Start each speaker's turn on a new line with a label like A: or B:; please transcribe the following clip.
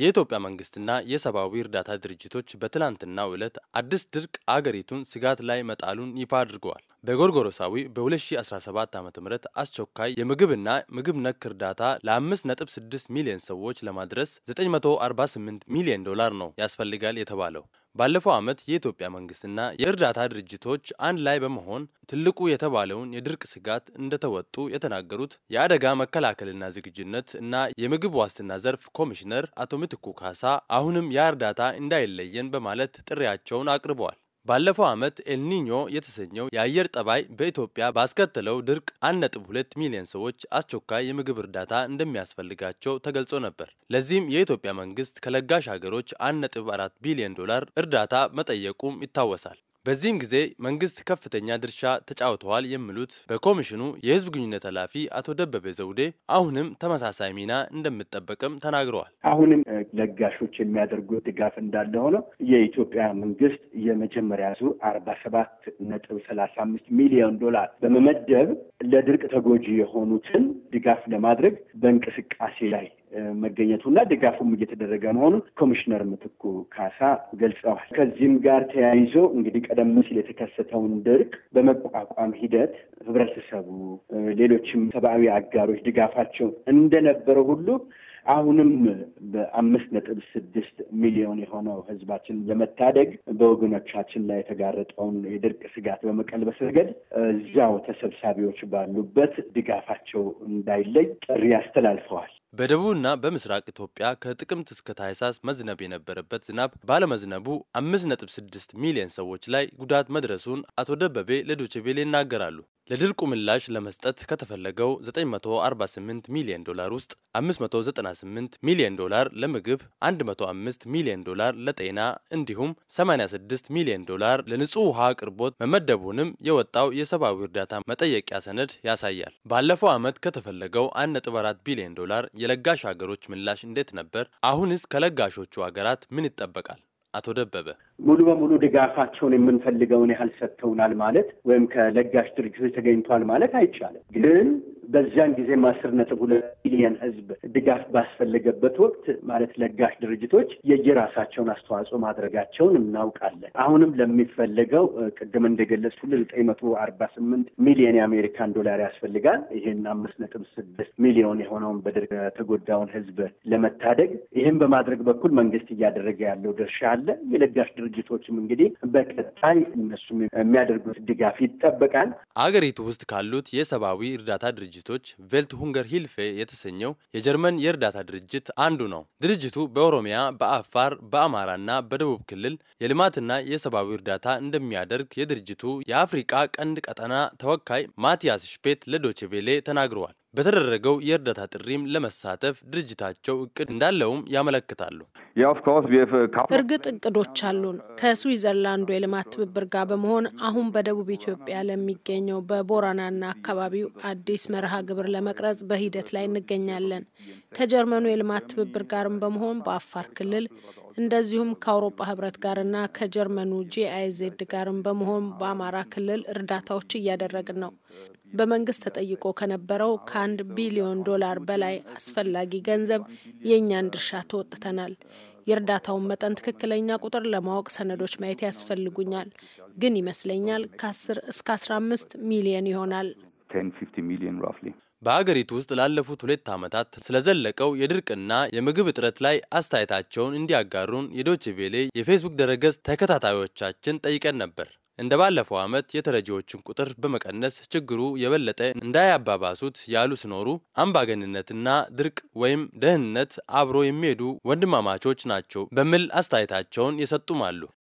A: የኢትዮጵያ መንግስትና የሰብአዊ እርዳታ ድርጅቶች በትላንትናው ዕለት አዲስ ድርቅ አገሪቱን ስጋት ላይ መጣሉን ይፋ አድርገዋል። በጎርጎሮሳዊ በ2017 ዓ ም አስቸኳይ የምግብና ምግብ ነክ እርዳታ ለ5.6 ሚሊዮን ሰዎች ለማድረስ 948 ሚሊዮን ዶላር ነው ያስፈልጋል የተባለው። ባለፈው ዓመት የኢትዮጵያ መንግስትና የእርዳታ ድርጅቶች አንድ ላይ በመሆን ትልቁ የተባለውን የድርቅ ስጋት እንደተወጡ የተናገሩት የአደጋ መከላከልና ዝግጁነት እና የምግብ ዋስትና ዘርፍ ኮሚሽነር አቶ ምትኩ ካሳ አሁንም ያ እርዳታ እንዳይለየን በማለት ጥሪያቸውን አቅርበዋል። ባለፈው ዓመት ኤልኒኞ የተሰኘው የአየር ጠባይ በኢትዮጵያ ባስከተለው ድርቅ 1.2 ሚሊዮን ሰዎች አስቸኳይ የምግብ እርዳታ እንደሚያስፈልጋቸው ተገልጾ ነበር። ለዚህም የኢትዮጵያ መንግስት ከለጋሽ ሀገሮች 1.4 ቢሊዮን ዶላር እርዳታ መጠየቁም ይታወሳል። በዚህም ጊዜ መንግስት ከፍተኛ ድርሻ ተጫውተዋል የሚሉት በኮሚሽኑ የህዝብ ግንኙነት ኃላፊ አቶ ደበበ ዘውዴ አሁንም ተመሳሳይ ሚና እንደምጠበቅም ተናግረዋል።
B: አሁንም ለጋሾች የሚያደርጉት ድጋፍ እንዳለ ሆነው የኢትዮጵያ መንግስት የመጀመሪያ ዙር አርባ ሰባት ነጥብ ሰላሳ አምስት ሚሊዮን ዶላር በመመደብ ለድርቅ ተጎጂ የሆኑትን ድጋፍ ለማድረግ በእንቅስቃሴ ላይ መገኘቱ እና ድጋፉም እየተደረገ መሆኑን ኮሚሽነር ምትኩ ካሳ ገልጸዋል። ከዚህም ጋር ተያይዞ እንግዲህ ቀደም ሲል የተከሰተውን ድርቅ በመቋቋም ሂደት ህብረተሰቡ፣ ሌሎችም ሰብአዊ አጋሮች ድጋፋቸው እንደነበረ ሁሉ አሁንም በአምስት ነጥብ ስድስት ሚሊዮን የሆነው ህዝባችን ለመታደግ በወገኖቻችን ላይ የተጋረጠውን የድርቅ ስጋት በመቀልበስ ረገድ እዚያው ተሰብሳቢዎች ባሉበት ድጋፋቸው እንዳይለይ ጥሪ አስተላልፈዋል።
A: በደቡብና በምስራቅ ኢትዮጵያ ከጥቅምት እስከ ታህሳስ መዝነብ የነበረበት ዝናብ ባለመዝነቡ 5.6 ሚሊዮን ሰዎች ላይ ጉዳት መድረሱን አቶ ደበቤ ለዶቼ ቬለ ይናገራሉ። ለድርቁ ምላሽ ለመስጠት ከተፈለገው 948 ሚሊዮን ዶላር ውስጥ 598 ሚሊዮን ዶላር ለምግብ፣ 105 ሚሊዮን ዶላር ለጤና እንዲሁም 86 ሚሊዮን ዶላር ለንጹህ ውሃ አቅርቦት መመደቡንም የወጣው የሰብአዊ እርዳታ መጠየቂያ ሰነድ ያሳያል። ባለፈው ዓመት ከተፈለገው 1.4 ቢሊዮን ዶላር የለጋሽ ሀገሮች ምላሽ እንዴት ነበር? አሁንስ ከለጋሾቹ ሀገራት ምን ይጠበቃል? አቶ ደበበ
B: ሙሉ በሙሉ ድጋፋቸውን የምንፈልገውን ያህል ሰጥተውናል ማለት ወይም ከለጋሽ ድርጅቶች ተገኝቷል ማለት አይቻልም። ግን በዚያን ጊዜ አስር ነጥብ ሁለት ሚሊየን ህዝብ ድጋፍ ባስፈለገበት ወቅት ማለት ለጋሽ ድርጅቶች የየራሳቸውን አስተዋጽኦ ማድረጋቸውን እናውቃለን። አሁንም ለሚፈለገው ቅድም እንደገለጽኩልህ ዘጠኝ መቶ አርባ ስምንት ሚሊየን የአሜሪካን ዶላር ያስፈልጋል። ይህን አምስት ነጥብ ስድስት ሚሊዮን የሆነውን በድርቅ የተጎዳውን ህዝብ ለመታደግ ይህን በማድረግ በኩል መንግስት እያደረገ ያለው ድርሻ አለ። የለጋሽ ድርጅቶችም እንግዲህ በቀጣይ እነሱም የሚያደርጉት ድጋፍ ይጠበቃል።
A: አገሪቱ ውስጥ ካሉት የሰብአዊ እርዳታ ድርጅት ድርጅቶች ቬልት ሁንገር ሂልፌ የተሰኘው የጀርመን የእርዳታ ድርጅት አንዱ ነው። ድርጅቱ በኦሮሚያ፣ በአፋር፣ በአማራና በደቡብ ክልል የልማትና የሰብአዊ እርዳታ እንደሚያደርግ የድርጅቱ የአፍሪቃ ቀንድ ቀጠና ተወካይ ማቲያስ ሽፔት ለዶቼ ቬሌ ተናግረዋል። በተደረገው የእርዳታ ጥሪም ለመሳተፍ ድርጅታቸው እቅድ እንዳለውም ያመለክታሉ።
B: uh,
C: እርግጥ እቅዶች አሉን። ከስዊዘርላንዱ የልማት ትብብር ጋር በመሆን አሁን በደቡብ ኢትዮጵያ ለሚገኘው በቦረናና አካባቢው አዲስ መርሃ ግብር ለመቅረጽ በሂደት ላይ እንገኛለን። ከጀርመኑ የልማት ትብብር ጋርም በመሆን በአፋር ክልል እንደዚሁም ከአውሮፓ ህብረት ጋርና ከጀርመኑ ጂአይዜድ ጋርም በመሆን በአማራ ክልል እርዳታዎች እያደረግን ነው። በመንግስት ተጠይቆ ከነበረው ከአንድ ቢሊዮን ዶላር በላይ አስፈላጊ ገንዘብ የእኛን ድርሻ ተወጥተናል። የእርዳታውን መጠን ትክክለኛ ቁጥር ለማወቅ ሰነዶች ማየት ያስፈልጉኛል፣ ግን ይመስለኛል ከ10 እስከ 15 ሚሊየን ይሆናል።
A: በአገሪቱ ውስጥ ላለፉት ሁለት ዓመታት ስለዘለቀው የድርቅና የምግብ እጥረት ላይ አስተያየታቸውን እንዲያጋሩን የዶቼ ቬሌ የፌስቡክ ድረገጽ ተከታታዮቻችን ጠይቀን ነበር። እንደ ባለፈው ዓመት የተረጂዎችን ቁጥር በመቀነስ ችግሩ የበለጠ እንዳያባባሱት ያሉ ሲኖሩ አምባገንነትና ድርቅ ወይም ደህንነት አብሮ የሚሄዱ ወንድማማቾች ናቸው በሚል አስተያየታቸውን የሰጡም አሉ።